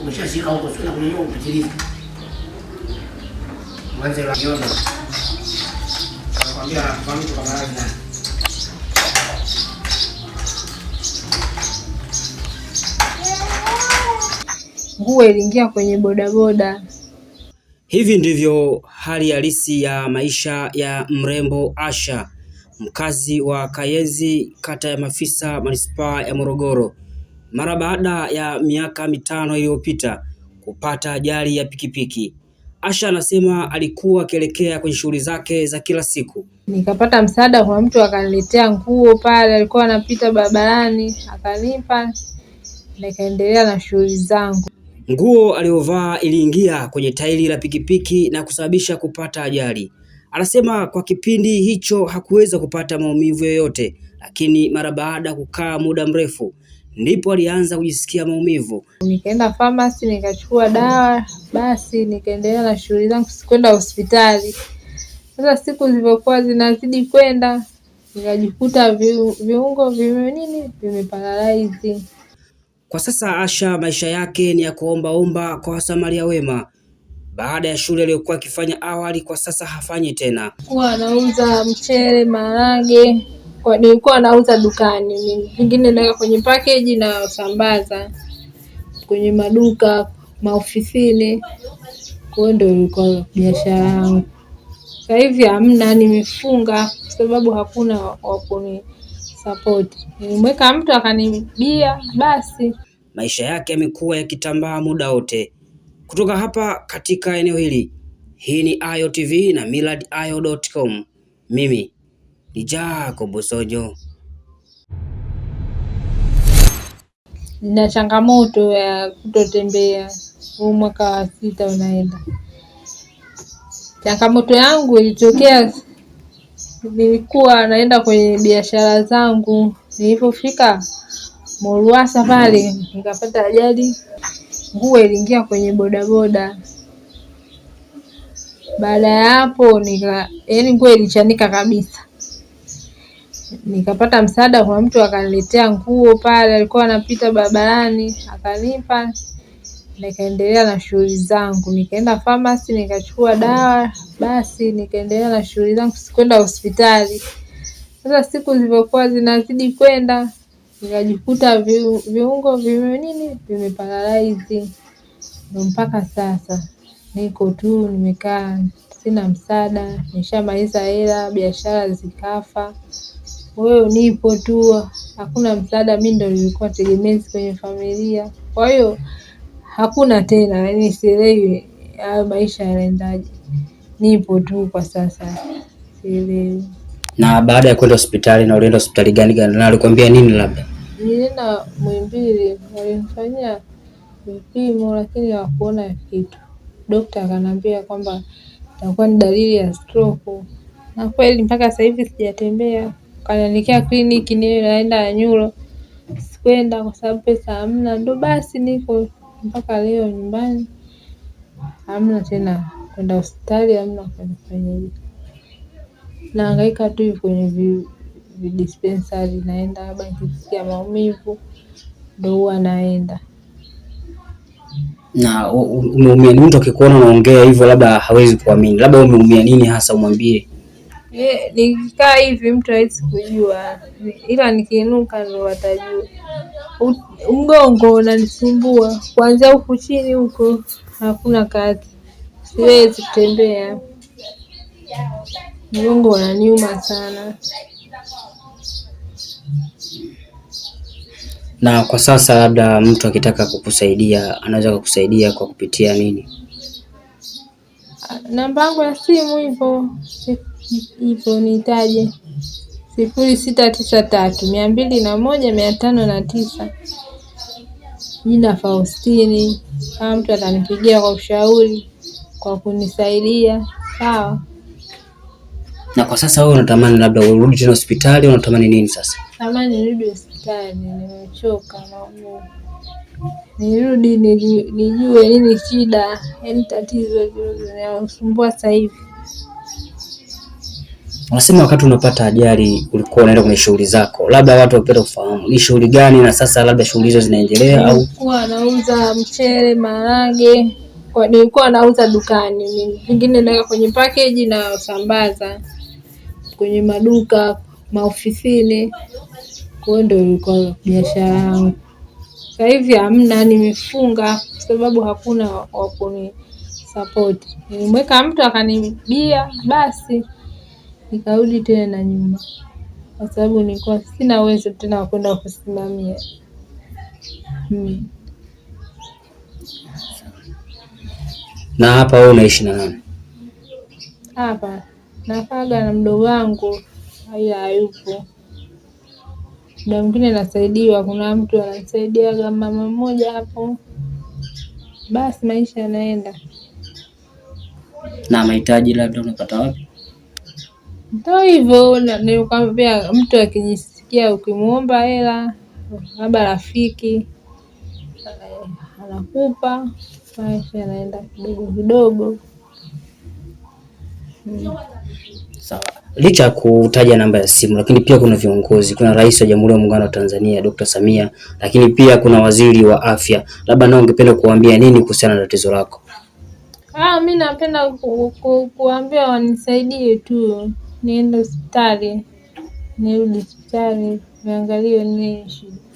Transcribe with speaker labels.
Speaker 1: Umeshashika huko sio na Mwanze la Nakwambia kwa na. Nguo iliingia kwenye bodaboda. Hivi ndivyo hali halisi ya maisha ya mrembo Asha mkazi wa Kayezi kata ya Mafisa manispaa ya Morogoro mara baada ya miaka mitano iliyopita kupata ajali ya pikipiki. Asha anasema alikuwa akielekea kwenye shughuli zake za kila siku.
Speaker 2: Nikapata msaada kwa mtu akaniletea nguo pale, alikuwa anapita barabarani akanipa, nikaendelea na shughuli zangu.
Speaker 1: Nguo aliyovaa iliingia kwenye tairi la pikipiki na kusababisha kupata ajali. Anasema kwa kipindi hicho hakuweza kupata maumivu yoyote, lakini mara baada ya kukaa muda mrefu ndipo alianza kujisikia maumivu.
Speaker 2: Nikaenda famasi nikachukua dawa, basi nikaendelea na shughuli zangu, sikwenda hospitali. Sasa siku zilivyokuwa zinazidi kwenda, nikajikuta viungo vime nini vimeparalaizi.
Speaker 1: Kwa sasa Asha maisha yake ni ya kuombaomba kwa wasamaria wema baada ya shule aliyokuwa akifanya awali kwa sasa hafanyi tena.
Speaker 2: Kuwa anauza mchele, maharage, nilikuwa anauza dukani vingine naweka kwenye package na sambaza kwenye maduka, maofisini. Kwa ndio ilikuwa biashara yangu. Sasa hivi hamna, nimefunga kwa sababu hakuna wa kunisapoti. Nilimweka mtu akanibia, basi
Speaker 1: maisha yake yamekuwa yakitambaa muda wote kutoka hapa katika eneo hili. Hii ni Ayo TV na millardayo.com. Mimi ni Jacob Sojo.
Speaker 2: Na changamoto ya kutotembea huu mwaka wa sita unaenda. Changamoto yangu ilitokea, nilikuwa naenda kwenye biashara zangu, nilipofika Moruasa pale nikapata ajali nguo iliingia kwenye bodaboda. Baada ya hapo nika, yani nguo ilichanika kabisa, nikapata msaada kwa mtu akaniletea nguo pale, alikuwa anapita barabarani akanipa, nikaendelea na shughuli zangu. Nikaenda famasi nikachukua dawa, basi nikaendelea na shughuli zangu, sikwenda hospitali. Sasa siku zilivyokuwa zinazidi kwenda nikajikuta viungo vime nini vimeparalaizi, ndo mpaka sasa niko tu nimekaa, sina msaada, nishamaliza hela, biashara zikafa, kwahiyo nipo tu, hakuna msaada. Mi ndo nilikuwa tegemezi kwenye familia, kwa hiyo hakuna tena, yani sielewi hayo maisha yanaendaje. Nipo tu kwa sasa, sielewi.
Speaker 1: Na baada ya kwenda hospitali, na ulienda hospitali gani gani, na alikwambia nini labda?
Speaker 2: Nilienda Muhimbili walinifanyia vipimo lakini hawakuona kitu, dokta akaniambia kwamba itakuwa ni dalili ya stroke na kweli mpaka sasa hivi sijatembea. Kaniandikia kliniki niwe naenda Banyulo, sikwenda kwa sababu pesa hamna, ndo basi niko mpaka leo nyumbani, hamna tena kwenda hospitali, hamna kunifanyaje, Naangaika tu kwenye dispensari naenda, labda nikisikia maumivu ndo huwa naenda.
Speaker 1: Na umeumia nini? Mtu akikuona unaongea hivyo, labda hawezi kuamini, labda umeumia nini hasa, umwambie
Speaker 2: Yeah, nikikaa hivi mtu hawezi kujua, ila nikiinuka ndo watajua. Mgongo unanisumbua kuanzia huku chini huko hakuna kazi, siwezi kutembea, mgongo unaniuma sana.
Speaker 1: Na kwa sasa labda mtu akitaka kukusaidia anaweza kukusaidia kwa kupitia nini?
Speaker 2: Namba yangu ya simu hivyo hivyo nitaje sifuri sita tisa tatu mia mbili na moja mia tano na tisa jina Faustini. Kama mtu atanipigia kwa ushauri, kwa kunisaidia sawa.
Speaker 1: Na kwa sasa wewe unatamani labda urudi tena hospitali, unatamani nini sasa?
Speaker 2: Natamani nirudi hospitali, nimechoka maumivu. Nirudi nijue nini shida, yaani tatizo linalosumbua sasa hivi.
Speaker 1: Unasema wakati unapata ajali ulikuwa unaenda kwenye shughuli zako, labda watu wapenda kufahamu ni shughuli gani, na sasa labda shughuli hizo zinaendelea au?
Speaker 2: Nilikuwa nauza mchele, maharage, nilikuwa nauza dukani mimi, pengine naweka kwenye package na sambaza kwenye maduka, maofisini. Kwa hiyo ndio ilikuwa biashara yangu. Sasa hivi hamna, nimefunga kwa sababu hakuna wa support. Nilimweka mtu akanibia, basi nikarudi tena na nyuma, kwa sababu nilikuwa sina uwezo tena wa kwenda kusimamia hmm.
Speaker 1: Na hapa wewe unaishi na nani?
Speaker 2: Hapa nakaga na mdogo wangu, ila hayupo. Muda mwingine nasaidiwa, kuna mtu anasaidiaga mama mmoja hapo, basi maisha yanaenda.
Speaker 1: Na mahitaji labda unapata wapi?
Speaker 2: Ndo hivyo nikwambia, mtu akijisikia, ukimwomba hela labda rafiki anakupa, maisha yanaenda kidogo kidogo.
Speaker 1: Sawa. Licha ya kutaja namba ya simu, lakini pia kuna viongozi, kuna Rais wa Jamhuri ya Muungano wa Tanzania Dr. Samia, lakini pia kuna Waziri wa Afya, labda nao ungependa kuwaambia nini kuhusiana na tatizo lako?
Speaker 2: Ah, mimi napenda ku, ku, kuambia wanisaidie tu niende hospitali, nirudi hospitali, niangaliwe nini shida.